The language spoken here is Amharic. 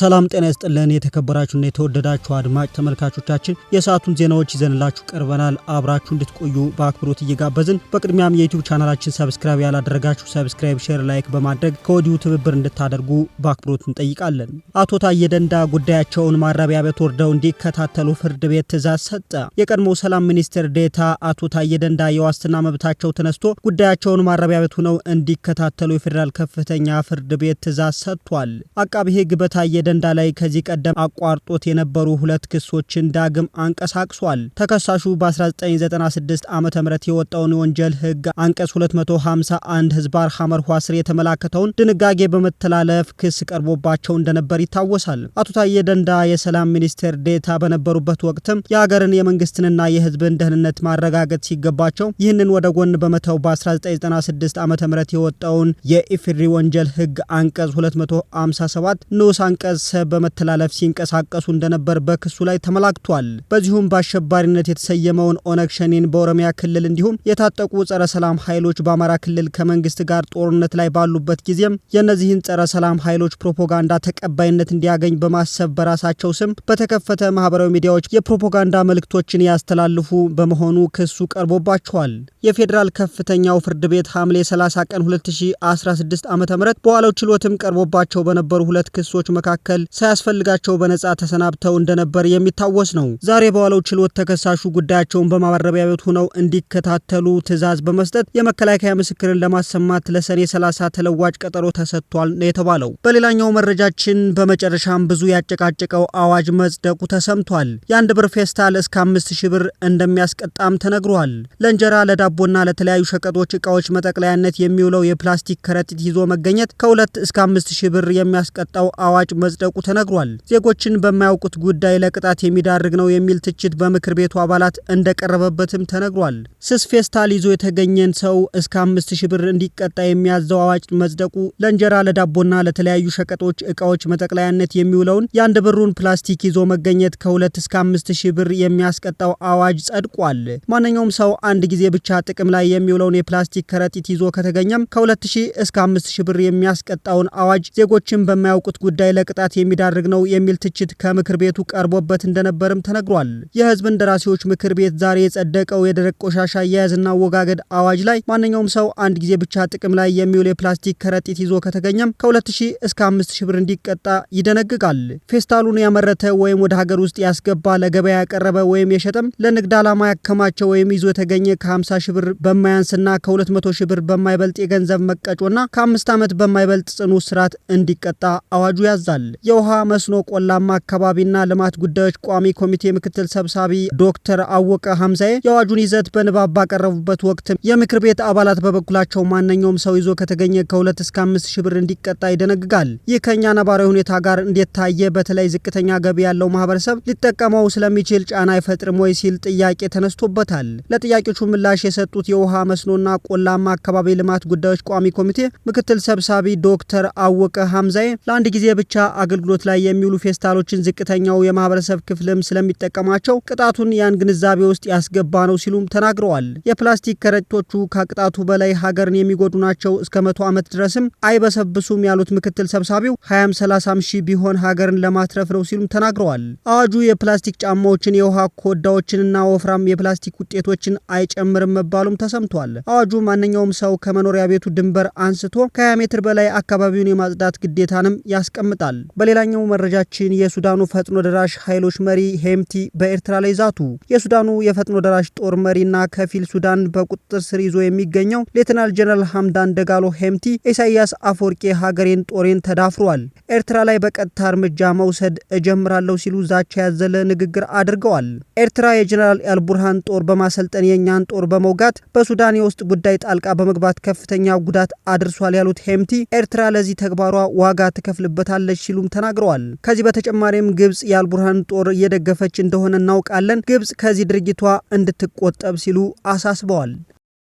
ሰላም ጤና ይስጥልን። የተከበራችሁና የተወደዳችሁ አድማጭ ተመልካቾቻችን የሰዓቱን ዜናዎች ይዘንላችሁ ቀርበናል። አብራችሁ እንድትቆዩ በአክብሮት እየጋበዝን በቅድሚያም የዩቲዩብ ቻናላችን ሰብስክራይብ ያላደረጋችሁ ሰብስክራይብ፣ ሼር፣ ላይክ በማድረግ ከወዲሁ ትብብር እንድታደርጉ በአክብሮት እንጠይቃለን። አቶ ታዬ ደንዳ ጉዳያቸውን ማረቢያ ቤት ወርደው እንዲከታተሉ ፍርድ ቤት ትዕዛዝ ሰጠ። የቀድሞው ሰላም ሚኒስትር ዴታ አቶ ታዬ ደንዳ የዋስትና መብታቸው ተነስቶ ጉዳያቸውን ማረቢያ ቤት ሆነው እንዲከታተሉ የፌዴራል ከፍተኛ ፍርድ ቤት ትዕዛዝ ሰጥቷል። አቃቢ ህግ በታየ ደንዳ ላይ ከዚህ ቀደም አቋርጦት የነበሩ ሁለት ክሶችን ዳግም አንቀሳቅሷል። ተከሳሹ በ1996 ዓ ም የወጣውን የወንጀል ህግ አንቀጽ 251 ህዝባር ሐመር ኋ ስር የተመላከተውን ድንጋጌ በመተላለፍ ክስ ቀርቦባቸው እንደነበር ይታወሳል። አቶ ታዬ ደንዳ የሰላም ሚኒስቴር ዴታ በነበሩበት ወቅትም የሀገርን የመንግስትንና የህዝብን ደህንነት ማረጋገጥ ሲገባቸው ይህንን ወደ ጎን በመተው በ1996 ዓ ም የወጣውን የኢፍሪ ወንጀል ህግ አንቀጽ 257 ንዑስ አንቀጽ በማሰብ በመተላለፍ ሲንቀሳቀሱ እንደነበር በክሱ ላይ ተመላክቷል። በዚሁም በአሸባሪነት የተሰየመውን ኦነግ ሸኔን በኦሮሚያ ክልል እንዲሁም የታጠቁ ጸረ ሰላም ኃይሎች በአማራ ክልል ከመንግስት ጋር ጦርነት ላይ ባሉበት ጊዜም የእነዚህን ጸረ ሰላም ኃይሎች ፕሮፓጋንዳ ተቀባይነት እንዲያገኝ በማሰብ በራሳቸው ስም በተከፈተ ማህበራዊ ሚዲያዎች የፕሮፓጋንዳ መልእክቶችን ያስተላልፉ በመሆኑ ክሱ ቀርቦባቸዋል። የፌዴራል ከፍተኛው ፍርድ ቤት ሐምሌ 30 ቀን 2016 ዓ ም በኋላው ችሎትም ቀርቦባቸው በነበሩ ሁለት ክሶች መካከል መካከል ሳያስፈልጋቸው በነጻ ተሰናብተው እንደነበር የሚታወስ ነው። ዛሬ በዋለው ችሎት ተከሳሹ ጉዳያቸውን በማረሚያ ቤት ሆነው እንዲከታተሉ ትዕዛዝ በመስጠት የመከላከያ ምስክርን ለማሰማት ለሰኔ 30 ተለዋጭ ቀጠሮ ተሰጥቷል ነው የተባለው። በሌላኛው መረጃችን በመጨረሻም ብዙ ያጨቃጨቀው አዋጅ መጽደቁ ተሰምቷል። የአንድ ብር ፌስታል እስከ አምስት ሺህ ብር እንደሚያስቀጣም ተነግሯል። ለእንጀራ ለዳቦና ለተለያዩ ሸቀጦች እቃዎች መጠቅለያነት የሚውለው የፕላስቲክ ከረጢት ይዞ መገኘት ከሁለት እስከ አምስት ሺህ ብር የሚያስቀጣው አዋጅ ማጽደቁ ተነግሯል። ዜጎችን በማያውቁት ጉዳይ ለቅጣት የሚዳርግ ነው የሚል ትችት በምክር ቤቱ አባላት እንደቀረበበትም ተነግሯል። ስስ ፌስታል ይዞ የተገኘን ሰው እስከ አምስት ሺህ ብር እንዲቀጣ የሚያዘው አዋጅ መጽደቁ ለእንጀራ፣ ለዳቦና ለተለያዩ ሸቀጦች እቃዎች መጠቅለያነት የሚውለውን የአንድ ብሩን ፕላስቲክ ይዞ መገኘት ከሁለት እስከ አምስት ሺህ ብር የሚያስቀጣው አዋጅ ጸድቋል። ማንኛውም ሰው አንድ ጊዜ ብቻ ጥቅም ላይ የሚውለውን የፕላስቲክ ከረጢት ይዞ ከተገኘም ከሁለት ሺህ እስከ አምስት ሺህ ብር የሚያስቀጣውን አዋጅ ዜጎችን በማያውቁት ጉዳይ ለቅጣት ለጥቃት የሚዳርግ ነው የሚል ትችት ከምክር ቤቱ ቀርቦበት እንደነበርም ተነግሯል። የህዝብ እንደራሴዎች ምክር ቤት ዛሬ የጸደቀው የደረቅ ቆሻሻ አያያዝና አወጋገድ አዋጅ ላይ ማንኛውም ሰው አንድ ጊዜ ብቻ ጥቅም ላይ የሚውል የፕላስቲክ ከረጢት ይዞ ከተገኘም ከ2000 እስከ 5000 ብር እንዲቀጣ ይደነግጋል። ፌስታሉን ያመረተ ወይም ወደ ሀገር ውስጥ ያስገባ፣ ለገበያ ያቀረበ ወይም የሸጠም፣ ለንግድ ዓላማ ያከማቸው ወይም ይዞ የተገኘ ከ50 ሺህ ብር በማያንስና ከ200 ሺህ ብር በማይበልጥ የገንዘብ መቀጮና ከአምስት ዓመት በማይበልጥ ጽኑ እስራት እንዲቀጣ አዋጁ ያዛል። የውሃ መስኖ ቆላማ አካባቢና ልማት ጉዳዮች ቋሚ ኮሚቴ ምክትል ሰብሳቢ ዶክተር አወቀ ሀምዛዬ የአዋጁን ይዘት በንባብ ባቀረቡበት ወቅት የምክር ቤት አባላት በበኩላቸው ማንኛውም ሰው ይዞ ከተገኘ ከሁለት እስከ አምስት ሺህ ብር እንዲቀጣ ይደነግጋል። ይህ ከእኛ ነባራዊ ሁኔታ ጋር እንዴት ታየ? በተለይ ዝቅተኛ ገቢ ያለው ማህበረሰብ ሊጠቀመው ስለሚችል ጫና አይፈጥርም ወይ? ሲል ጥያቄ ተነስቶበታል። ለጥያቄዎቹ ምላሽ የሰጡት የውሃ መስኖና ቆላማ አካባቢ ልማት ጉዳዮች ቋሚ ኮሚቴ ምክትል ሰብሳቢ ዶክተር አወቀ ሀምዛዬ ለአንድ ጊዜ ብቻ አገልግሎት ላይ የሚውሉ ፌስታሎችን ዝቅተኛው የማህበረሰብ ክፍልም ስለሚጠቀማቸው ቅጣቱን ያን ግንዛቤ ውስጥ ያስገባ ነው ሲሉም ተናግረዋል። የፕላስቲክ ከረጢቶቹ ከቅጣቱ በላይ ሀገርን የሚጎዱ ናቸው፣ እስከ መቶ ዓመት ድረስም አይበሰብሱም ያሉት ምክትል ሰብሳቢው ሀያም ሰላሳም ሺህ ቢሆን ሀገርን ለማትረፍ ነው ሲሉም ተናግረዋል። አዋጁ የፕላስቲክ ጫማዎችን፣ የውሃ ኮዳዎችንና ወፍራም የፕላስቲክ ውጤቶችን አይጨምርም መባሉም ተሰምቷል። አዋጁ ማንኛውም ሰው ከመኖሪያ ቤቱ ድንበር አንስቶ ከ20 ሜትር በላይ አካባቢውን የማጽዳት ግዴታንም ያስቀምጣል። በሌላኛው መረጃችን የሱዳኑ ፈጥኖ ደራሽ ኃይሎች መሪ ሄምቲ በኤርትራ ላይ ዛቱ። የሱዳኑ የፈጥኖ ደራሽ ጦር መሪና ከፊል ሱዳን በቁጥጥር ስር ይዞ የሚገኘው ሌትናል ጀነራል ሀምዳን ደጋሎ ሄምቲ ኢሳያስ አፈወርቄ ሀገሬን ጦሬን ተዳፍሯል፣ ኤርትራ ላይ በቀጥታ እርምጃ መውሰድ እጀምራለሁ ሲሉ ዛቻ ያዘለ ንግግር አድርገዋል። ኤርትራ የጀነራል አልቡርሃን ጦር በማሰልጠን የእኛን ጦር በመውጋት በሱዳን የውስጥ ጉዳይ ጣልቃ በመግባት ከፍተኛ ጉዳት አድርሷል ያሉት ሄምቲ ኤርትራ ለዚህ ተግባሯ ዋጋ ትከፍልበታለች ሲሉ ሲሉም ተናግረዋል። ከዚህ በተጨማሪም ግብጽ የአልቡርሃን ጦር እየደገፈች እንደሆነ እናውቃለን፣ ግብጽ ከዚህ ድርጊቷ እንድትቆጠብ ሲሉ አሳስበዋል።